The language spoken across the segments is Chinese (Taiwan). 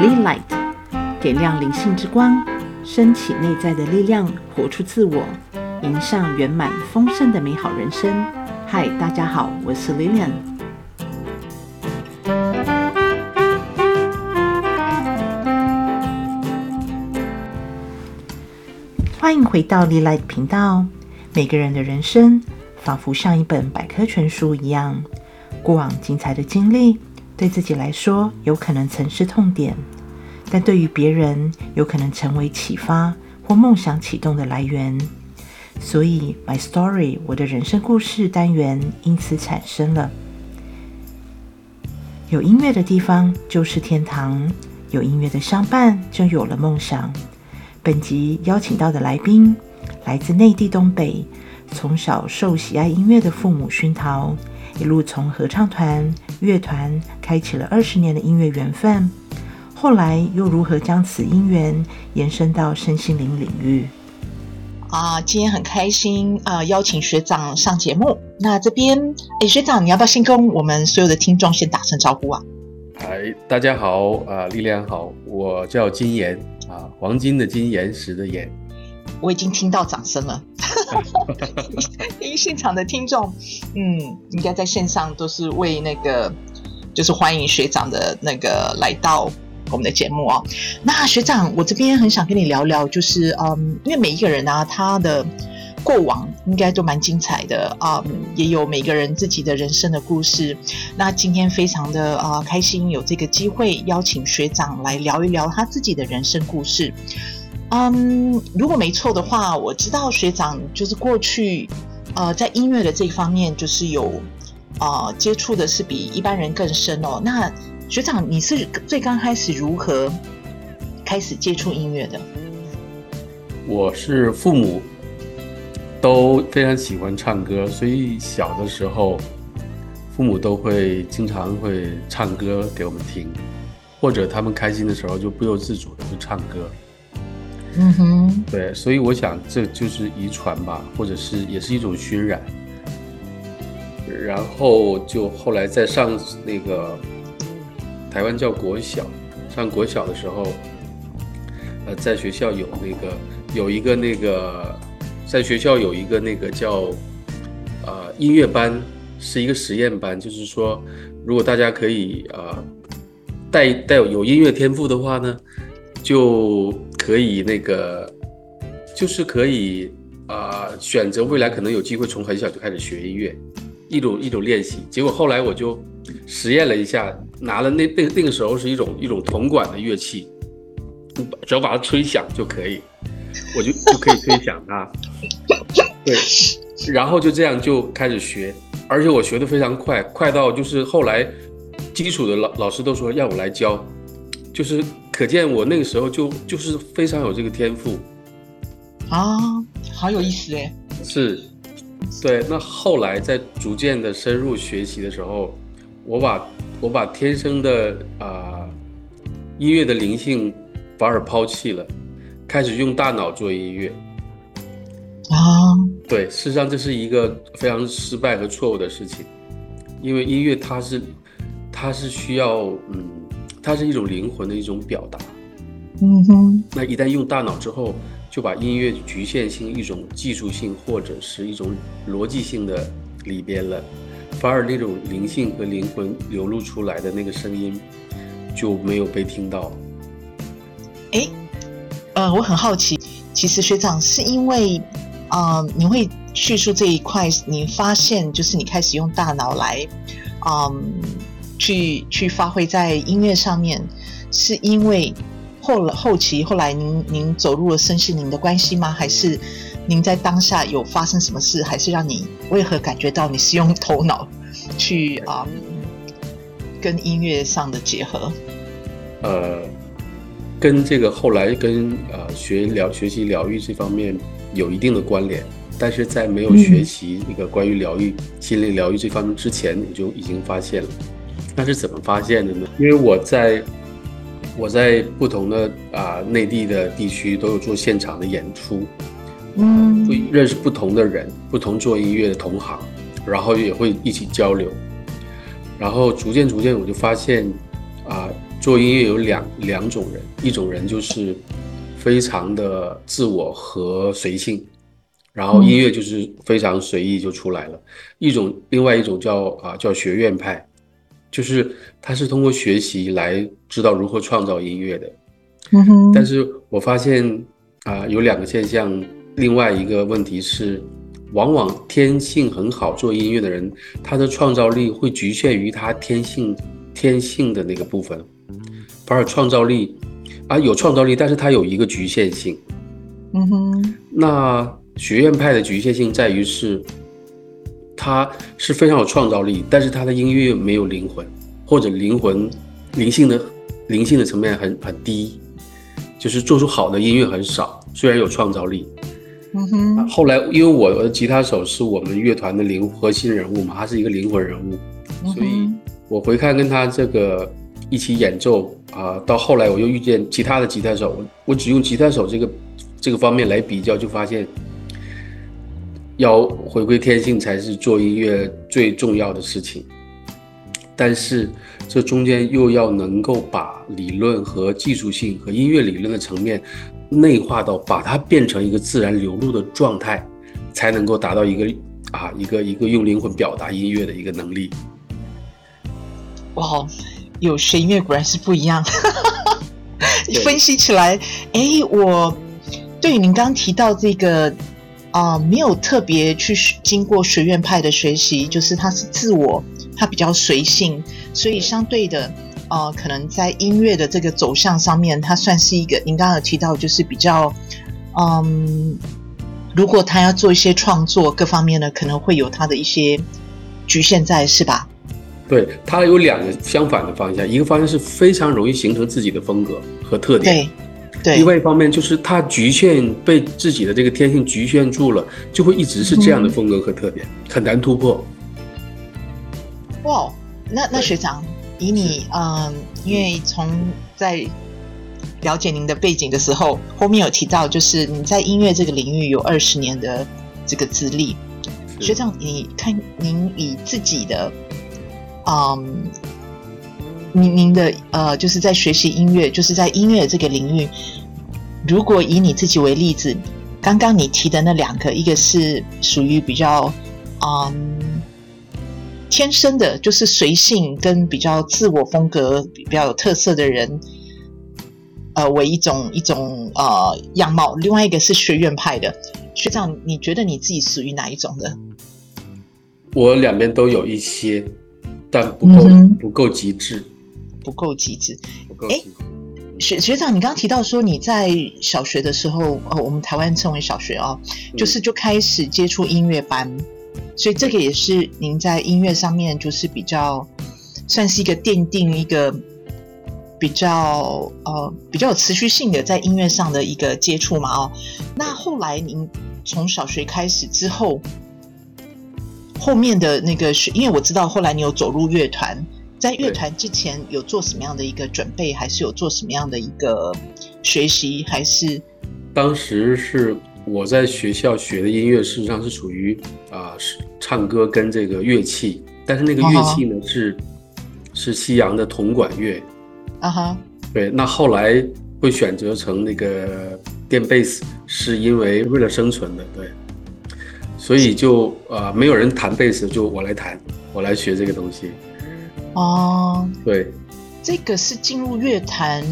Li'light 點亮靈性之光，升起內在的力量，活出自我，迎上圓滿豐盛的美好人生。嗨，大家好，我是 Lilian，歡迎回到 Li'light 頻道。每個人的人生仿佛像一本百科全書一樣，過往精彩的經歷對自己來說有可能曾是痛點，但對於別人有可能成為啟發或夢想啟動的來源。所以，My Story 我的人生故事單元因此產生了。有音樂的地方就是天堂，有音樂的相伴就有了夢想。本集邀請到的來賓。來自內地東北，從小受喜愛音樂的父母熏陶，一路從合唱團、樂團，開啟了二十年的音樂緣分。後來又如何將此因緣延伸到身心靈領域？啊，今天很開心啊、呃，邀請學長上節目。那這邊，哎，學長你要不要先跟我們所有的聽眾先打聲招呼啊？嗨，大家好啊、呃，Li'light 好，我叫金岩啊、呃，黃金的金，岩石的岩。我已經聽到掌聲了，因 為現場的聽眾，嗯，應該在線上都是為那個，就是歡迎學長的那個來到我們的節目哦、啊。那學長，我這邊很想跟你聊聊，就是嗯，因為每一個人啊，他的過往應該都蠻精彩的啊、嗯，也有每個人自己的人生的故事。那今天非常的啊開心，有這個機會邀請學長來聊一聊他自己的人生故事。嗯，um，如果沒錯的話，我知道學長就是過去，呃，在音樂的這一方面就是有，呃，接觸的是比一般人更深哦。那學長，你是最剛開始如何開始接觸音樂的？我是父母都非常喜歡唱歌，所以小的時候，父母都會經常會唱歌給我們聽，或者他們開心的時候就不由自主的就唱歌。嗯哼，對，所以我想這就是遺傳吧，或者是也是一種熏染。然後就後來在上那個台灣叫國小，上國小的時候，呃，在學校有那個有一個那個在學校有一個那個叫呃音樂班，是一個實驗班，就是說如果大家可以呃帶帶有音樂天賦的話呢，就。可以，那個就是可以啊，呃，選擇未來可能有機會從很小就開始學音樂，一種一種練習。結果後來我就實驗了一下，拿了那那那個時候是一種一種銅管的樂器，只要把它吹響就可以，我就就可以吹響它。對，然後就這樣就開始學，而且我學得非常快，快到就是後來基礎的老老師都說讓我來教，就是。可見我那個時候就就是非常有這個天賦，啊，好有意思誒。是，對。那後來在逐漸的深入學習的時候，我把我把天生的啊、呃、音樂的靈性反而拋棄了，開始用大腦做音樂。啊，對，事實上這是一個非常失敗和錯誤的事情，因為音樂它是它是需要嗯。它是一種靈魂的一種表達，嗯哼。那一旦用大腦之後，就把音樂局限性，一種技術性或者是一種邏輯性的裡邊了，反而那種靈性和靈魂流露出來的那個聲音就沒有被聽到。哎，呃，我很好奇，其實學長是因為，嗯、呃，你會敘述這一塊，你發現就是你開始用大腦來，嗯、呃。去去發揮在音樂上面，是因為後了後期後來您您走入了身心靈的關係嗎？還是您在當下有發生什麼事，還是讓你為何感覺到你是用頭腦去啊、嗯、跟音樂上的結合？呃，跟這個後來跟呃學療學習療癒這方面有一定的關聯，但是在沒有學習那個關於療癒心理療癒這方面之前，我就已經發現了。他是怎麼發現的呢？因為我在，我在不同的啊內地的地區都有做現場的演出，嗯，會認識不同的人，不同做音樂的同行，然後也會一起交流，然後逐漸逐漸我就發現，啊，做音樂有兩兩種人，一種人就是非常的自我和隨性，然後音樂就是非常隨意就出來了；嗯，一種，另外一種叫啊叫學院派。就是他是通過學習來知道如何創造音樂的，嗯哼。但是我發現啊、呃，有兩個現象，另外一個問題是，往往天性很好做音樂的人，他的創造力會侷限於他天性天性的那個部分，反而創造力啊、呃、有創造力，但是他有一個侷限性，嗯哼。那學院派的侷限性在於是。他是非常有創造力，但是他的音樂沒有靈魂，或者靈魂、靈性的、靈性的層面很很低，就是做出好的音樂很少。雖然有創造力。嗯哼。後來因為我的吉他手是我們樂團的靈核心人物嘛，他是一個靈魂人物、嗯，所以我回看跟他這個一起演奏啊、呃，到後來我又遇見其他的吉他手，我我只用吉他手這個這個方面來比較，就發現。要回歸天性才是做音樂最重要的事情，但是這中間又要能夠把理論和技術性和音樂理論的層面內化到，把它變成一個自然流露的狀態，才能夠達到一個啊一個一個用靈魂表達音樂的一個能力。哇哦，有學音樂果然是不一樣， 分析起來，哎，我對於您剛剛提到這個。啊、呃，沒有特別去經過學院派的學習，就是他是自我，他比較隨性，所以相對的，呃，可能在音樂的這個走向上面，他算是一個您剛剛有提到，就是比較，嗯、呃，如果他要做一些創作，各方面呢可能會有他的一些局限在，是吧？對，他有兩個相反的方向，一個方向是非常容易形成自己的風格和特點。對。對，另外一方面，就是他局限被自己的這個天性局限住了，就會一直是這樣的風格和特點，嗯，很難突破。哇，那那學長，以你嗯，因為從在了解您的背景的時候，後面有提到，就是你在音樂這個領域有二十年的這個資歷，學長，你看您以自己的嗯。您您的呃，就是在學習音樂，就是在音樂這個領域，如果以你自己為例子，剛剛你提的那兩個，一個是屬於比較嗯天生的，就是隨性跟比較自我風格比較有特色的人，呃，為一種一種呃樣貌，另外一個是學院派的。學長，你覺得你自己屬於哪一種的？我兩邊都有一些，但不夠不夠極致。嗯不夠極致，哎、欸，學學長，你剛剛提到說你在小學的時候，呃、我們台灣稱為小學哦、嗯，就是就開始接觸音樂班，所以這個也是您在音樂上面就是比較算是一個奠定一個比較呃比較有持續性的在音樂上的一個接觸嘛，哦，那後來您從小學開始之後，後面的那個學，因為我知道後來你有走入樂團。在樂團之前有做什麼樣的一個準備，還是有做什麼樣的一個學習？還是當時是我在學校學的音樂，事實上是屬於啊，是、呃、唱歌跟這個樂器。但是那個樂器呢、uh -huh. 是是西洋的銅管樂。啊哈，對。那後來會選擇成那個電貝斯，是因為為了生存的，對。所以就啊、呃，沒有人彈貝斯，就我來彈，我來學這個東西。哦、uh,，對，這個是進入樂團，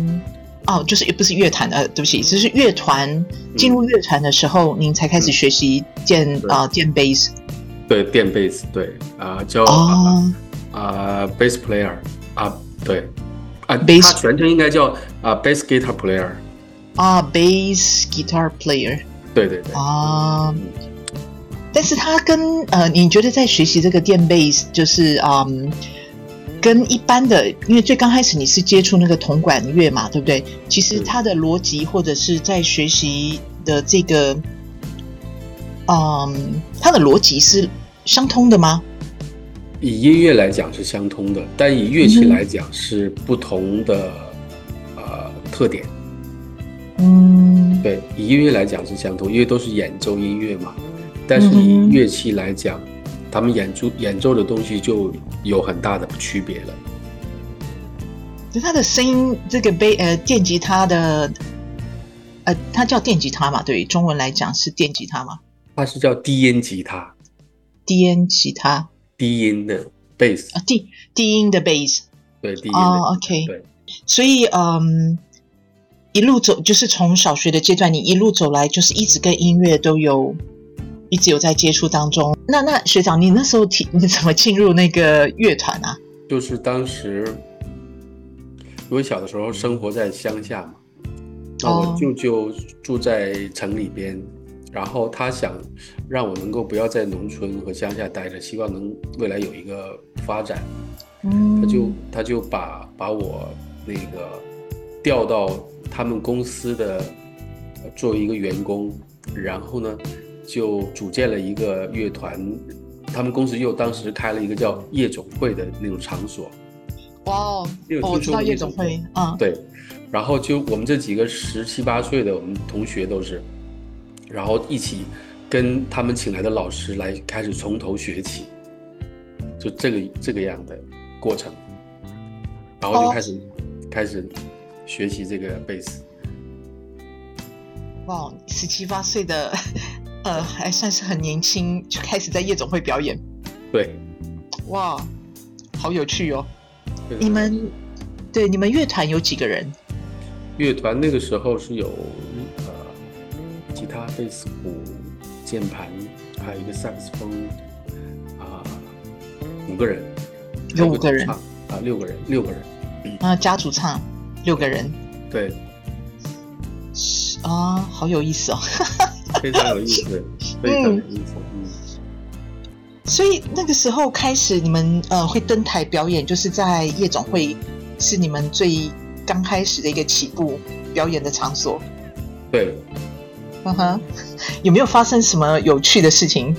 哦，就是也不是樂團呃，對不起，就是樂團進入樂團的時候，嗯、您才開始學習電啊電 bass，對，電、呃、bass，對啊、呃，叫啊、uh, 呃、，bass 啊 player 啊、呃，對啊，b a s 他全稱應該叫啊、呃、bass guitar player 啊、uh,，bass guitar player，對對對啊、呃，但是他跟呃，你覺得在學習這個電 bass 就是啊。嗯跟一般的，因為最剛開始你是接觸那個銅管樂嘛，對不對？其實它的邏輯或者是在學習的這個嗯，嗯，它的邏輯是相通的嗎？以音樂來講是相通的，但以樂器來講是不同的、嗯、呃特點。嗯，對，以音樂來講是相通，因為都是演奏音樂嘛。但是以樂器來講。嗯嗯他們演出演奏的東西就有很大的區別了。就他的聲音，這個貝呃電吉他的呃，他叫電吉他嘛？對，中文來講是電吉他嗎？它是叫低音吉他。低音吉他，低音的貝斯。低音的貝斯啊，低低音的貝斯。對低音的。哦，OK。對。所以嗯，um, 一路走就是從小學的階段，你一路走來就是一直跟音樂都有。一直有在接觸當中。那那學長，你那時候你怎麼進入那個樂團啊？就是當時因為小的時候生活在鄉下嘛，那我舅舅住在城裡邊，Oh. 然後他想讓我能夠不要在農村和鄉下待着，希望能未來有一個發展。Mm. 他就他就把把我那個調到他們公司的作為一個、呃、一個員工，然後呢？就組建了一個樂團，他們公司又當時開了一個叫夜總會的那種場所。哇哦，哦，那種夜總會，嗯、哦，對嗯。然後就我們這幾個十七八歲的，我們同學都是，然後一起跟他們請來的老師來開始從頭學起，就這個這個樣的過程，然後就開始、Oh. 開始學習這個貝斯。哇，十七八歲的。呃，還算是很年輕就開始在夜總會表演，對，哇，好有趣哦！你們對，你們樂團有幾個人？樂團那個時候是有呃，吉他、貝斯、鼓、鍵盤，還有一個薩克斯風啊，五個人，有五個人啊，呃，六個人，六個人啊，呃，加主唱六個人，對，啊，哦，好有意思哦。 非常有意思 嗯，非常有意思。所以那個時候開始，你們呃會登臺表演，就是在夜總會，是你們最剛開始的一個起步表演的場所。對，嗯哼，有沒有發生什麼有趣的事情？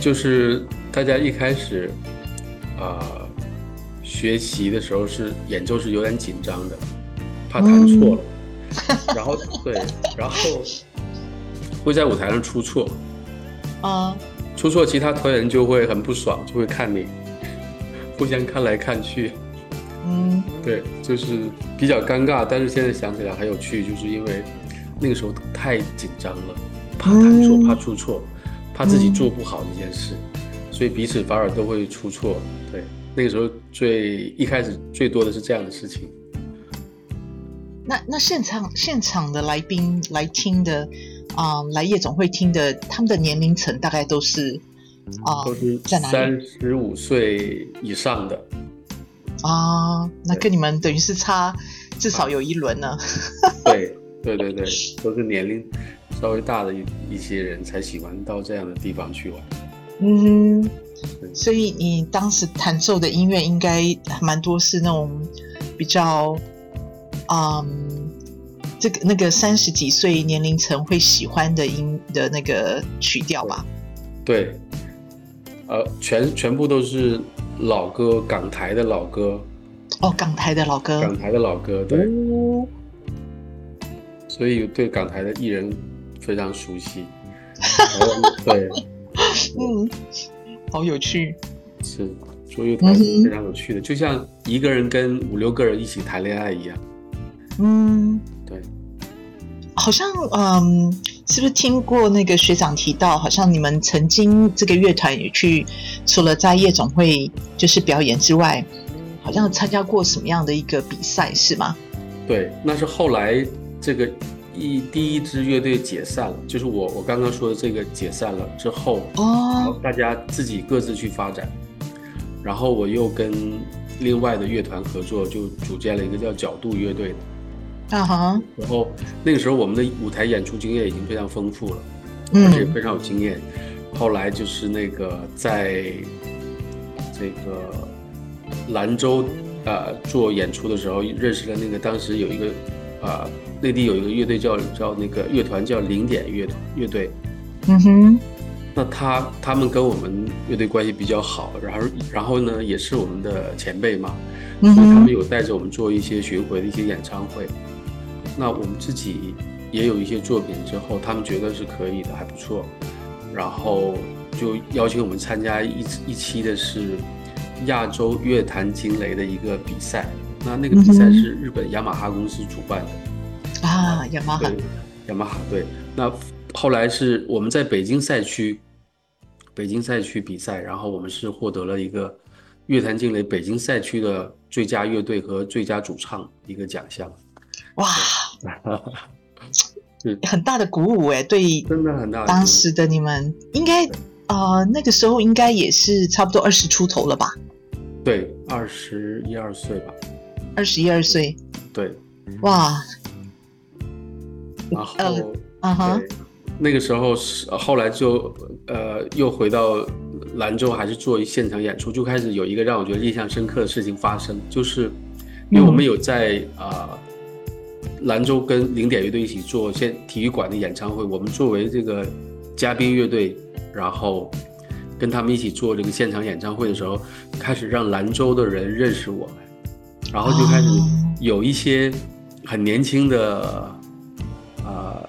就是大家一開始呃學習的時候是，是演奏是有點緊張的，怕彈錯了，嗯、然後 對，然後。會在舞台上出錯，啊、uh,，出錯，其他團人就會很不爽，就會看你，互相看來看去，嗯、mm.，對，就是比較尷尬。但是現在想起來很有趣，就是因為那個時候太緊張了，怕彈錯，mm. 怕出錯，怕自己做不好這件事，mm. 所以彼此反而都會出錯。對，那個時候最一開始最多的是這樣的事情。那那現場現場的來賓來聽的。啊、呃，來夜總會聽的，他們的年齡層大概都是啊、呃，都是在三十五歲以上的啊、呃，那跟你們等於是差至少有一輪呢？對、啊，對對對， 都是年齡稍微大的一一些人才喜歡到這樣的地方去玩。嗯，所以你當時彈奏的音樂應該蠻多是那種比較啊。嗯這個那個三十幾歲年齡層會喜歡的音的那個曲調吧？對，呃，全全部都是老歌，港台的老歌。哦，港台的老歌，港台的老歌，對、哦。所以對港台的藝人非常熟悉。 嗯、對，嗯， 好有趣。是，所以他是非常有趣的、嗯，就像一個人跟五六個人一起談戀愛一樣。嗯。好像嗯，是不是聽過那個學長提到？好像你們曾經這個樂團也去，除了在夜總會就是表演之外，好像參加過什麼樣的一個比賽，是嗎？對，那是後來這個一第一支樂隊解散了，就是我我剛剛說的這個解散了之後哦，Oh. 然後大家自己各自去發展，然後我又跟另外的樂團合作，就組建了一個叫角度樂隊的。啊哈！然後那個時候我們的舞台演出經驗已經非常豐富了，mm -hmm. 而且非常有經驗。後來就是那個在這個蘭州呃做演出的時候，認識了那個當時有一個呃內地有一個樂隊叫叫那個樂團叫零點樂樂隊。嗯哼。那他他們跟我們樂隊關係比較好，然後然後呢也是我們的前輩嘛，嗯、mm -hmm.，他們有帶着我們做一些巡回的一些演唱會。那我們自己也有一些作品，之後他們覺得是可以的，還不錯，然後就邀請我們參加一一期的是亞洲樂壇驚雷的一個比賽。那那個比賽是日本雅馬哈公司主辦的。嗯、啊，雅馬哈。雅馬哈對。那後來是我們在北京賽區，北京賽區比賽，然後我們是獲得了一個樂壇驚雷北京賽區的最佳樂隊和最佳主唱一個獎項。哇！ 很大的鼓舞哎、欸，對，真的很大的。當時的你們應該啊、呃，那個時候應該也是差不多二十出頭了吧？對，二十一二歲吧。二十一二歲。對。哇。然後，呃啊、哈那個時候是後來就呃又回到蘭州，還是做現場演出，就開始有一個讓我覺得印象深刻的事情發生，就是因為我們有在啊。嗯呃蘭州跟零點樂隊一起做現體育館的演唱會，我們作為這個嘉賓樂隊，然後跟他們一起做這個現場演唱會的時候，開始讓蘭州的人認識我們，然後就開始有一些很年輕的啊、oh. 呃、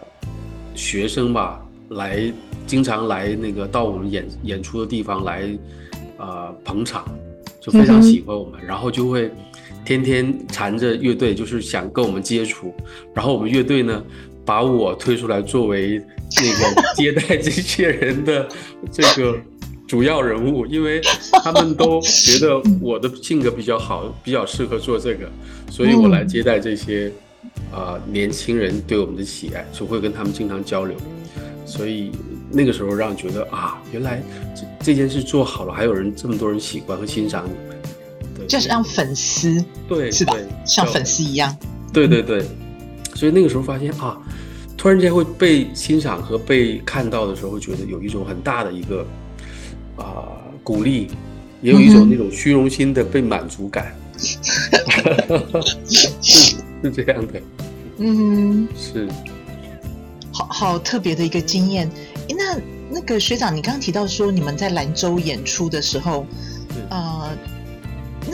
學生吧，來經常來那個到我們演演出的地方來啊、呃、捧場，就非常喜歡我們，mm-hmm. 然後就會。天天纏着樂隊，就是想跟我們接觸。然後我們樂隊呢，把我推出來作為那個接待這些人的這個主要人物，因為他們都覺得我的性格比較好，比較適合做這個，所以我來接待這些啊、嗯呃、年輕人對我們的喜愛，就會跟他們經常交流。所以那個時候讓我覺得啊，原來這這件事做好了，還有人這麼多人喜歡和欣賞你。就是讓粉絲對，是的，像粉絲一樣，對對對、嗯，所以那個時候發現啊，突然間會被欣賞和被看到的時候，覺得有一種很大的一個啊、呃、鼓勵，也有一種那種虛榮心的被滿足感、嗯 是，是這樣的，嗯，是，好好特別的一個經驗、欸。那那個學長，你剛剛提到說你們在蘭州演出的時候，呃。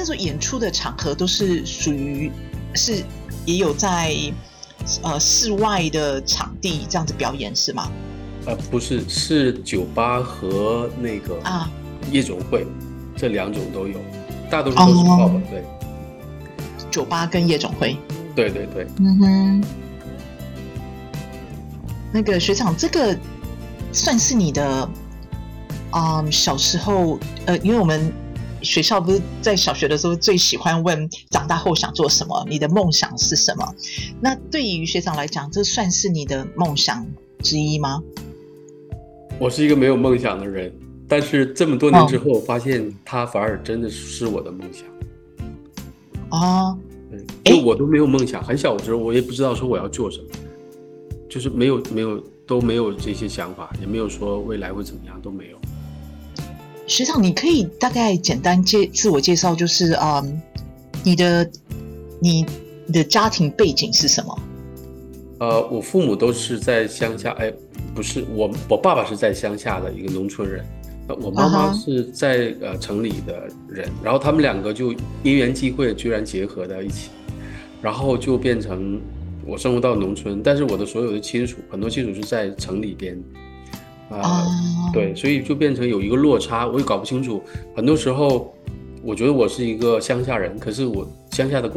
這種演出的場合都是屬於是也有在呃，室外的場地這樣子表演是嗎？呃，不是，是酒吧和那個啊夜總會、啊、這兩種都有，大多數都是泡吧、哦、對，酒吧跟夜總會。對對對。嗯哼。那個學長，這個算是你的嗯、呃、小時候呃，因為我們。學校不是在小學的時候最喜歡問長大後想做什麼，你的夢想是什麼？那對於學長來講，這算是你的夢想之一嗎？我是一個沒有夢想的人，但是這麼多年之後，我發現他反而真的是我的夢想。啊？嗯，因為我都沒有夢想，很小的時候我也不知道說我要做什麼，就是沒有沒有都沒有這些想法，也沒有說未來會怎麼樣，都沒有。學長，你可以大概簡單介自我介紹，就是啊、嗯，你的你，你的家庭背景是什麼？呃，我父母都是在鄉下，哎，不是我，我爸爸是在鄉下的一個農村人，呃、我媽媽是在呃城裡的人，Uh-huh. 然後他們兩個就因緣際會，居然結合在一起，然後就變成我生活到農村，但是我的所有的親屬，很多親屬是在城裡邊。啊、uh, 對，所以就變成有一個落差，我也搞不清楚。很多時候，我覺得我是一個鄉下人，可是我鄉下的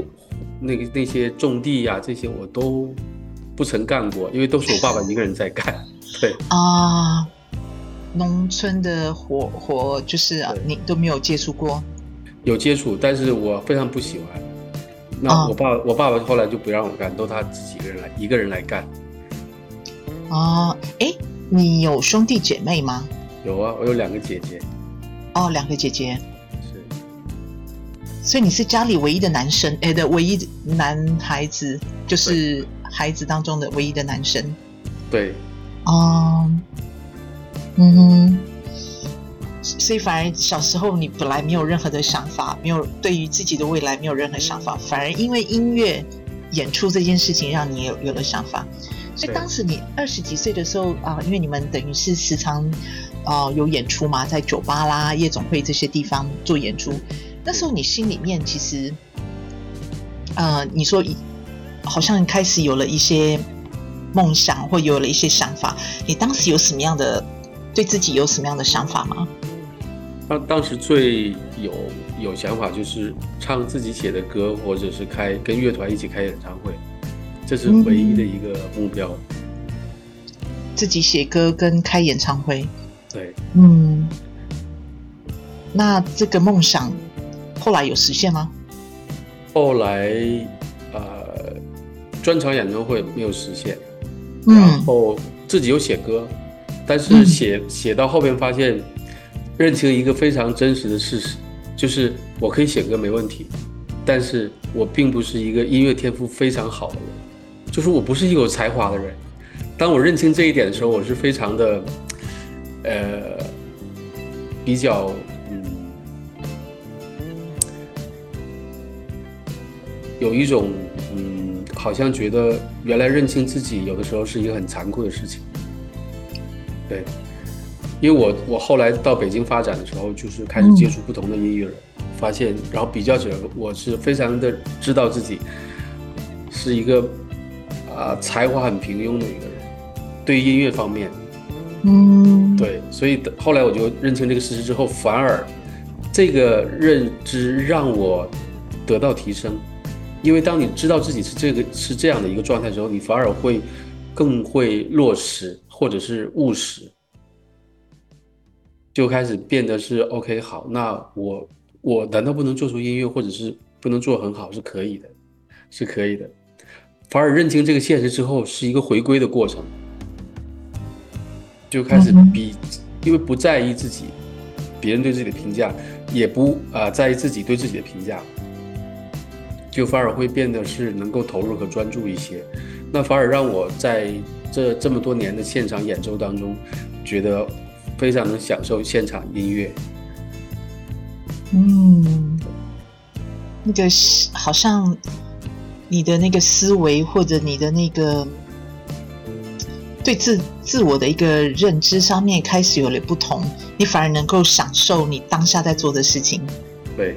那個那些種地呀、啊，這些我都不曾幹過，因為都是我爸爸一個人在幹。對啊，uh, 農村的活活就是、啊、你都沒有接觸過，有接觸，但是我非常不喜歡。那我爸、uh, 我爸爸後來就不讓我幹，都他自己一個人來一個人來幹。哦、uh, 哎。你有兄弟姐妹嗎？有啊，我有兩個姐姐。哦，兩個姐姐。是。所以你是家裡唯一的男生，哎，的唯一男孩子，就是孩子當中的唯一的男生。對。啊、哦。嗯。所以反而小時候你本來沒有任何的想法，沒有對於自己的未來沒有任何想法，嗯，反而因為音樂演出這件事情讓你有有了想法。所以當時你二十幾歲的時候啊、呃，因為你們等於是時常，啊、呃、有演出嘛，在酒吧啦、夜總會這些地方做演出。那時候你心裡面其實，呃，你說好像開始有了一些夢想，或有了一些想法。你當時有什麼樣的，對自己有什麼樣的想法嗎？當、啊、當時最有有想法就是唱自己寫的歌，或者是開跟樂團一起開演唱會。這是唯一的一個目標。嗯，自己寫歌跟開演唱會。對，嗯，那這個夢想後來有實現嗎？後來，呃，專場演唱會沒有實現，嗯，然後自己有寫歌，但是寫、嗯、寫到後面發現，認清一個非常真實的事實，就是我可以寫歌沒問題，但是我並不是一個音樂天賦非常好的人。就是我不是一個有才華的人。當我認清這一點的時候，我是非常的，呃，比較，嗯，有一種，嗯，好像覺得原來認清自己有的時候是一個很殘酷的事情。對，因為我我後來到北京發展的時候，就是開始接觸不同的音樂人、嗯，發現，然後比較起來，我是非常的知道自己是一個。啊，才華很平庸的一個人，對音樂方面，嗯，對，所以後來我就認清這個事實之後，反而這個認知讓我得到提升。因為當你知道自己是這個是這樣的一個狀態之後，你反而會更會落實，或者是務實，就開始變得是 OK 好。那我我難道不能做出音樂，或者是不能做很好，是可以的，是可以的。反而認清這個現實之後，是一個回歸的過程，就開始比、嗯，因為不在意自己，別人對自己的評價，也不啊、呃、在意自己對自己的評價，就反而會變得是能夠投入和專注一些。那反而讓我在這這麼多年的現場演奏當中，覺得非常能享受現場音樂。嗯，那個好像。你的那個思維，或者你的那個對自自我的一個認知上面開始有了不同，你反而能夠享受你當下在做的事情，對，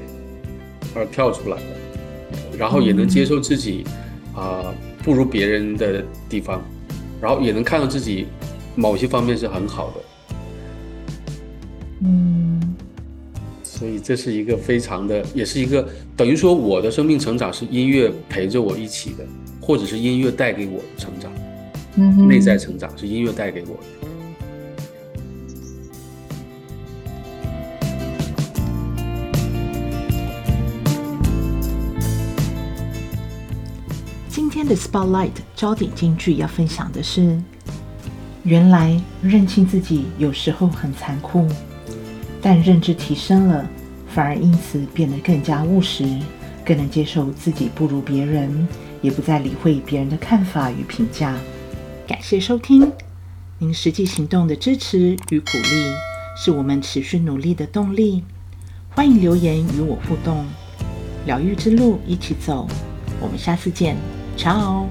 而跳出來了，然後也能接受自己啊不如別人的地方，然後也能看到自己某些方面是很好的，嗯，所以這是一個非常的，也是一個。等於說，我的生命成長是音樂陪着我一起的，或者是音樂帶給我的成長，嗯，內在成長是音樂帶給我的。嗯、今天的 Spotlight 焦點金句要分享的是：原來認清自己有時候很殘酷，但認知提升了。反而因此變得更加務實，更能接受自己不如別人，也不再理會別人的看法與評價。感謝收聽，您實際行動的支持與鼓勵，是我們持續努力的動力。歡迎留言與我互動，療癒之路一起走。我們下次見，Ciao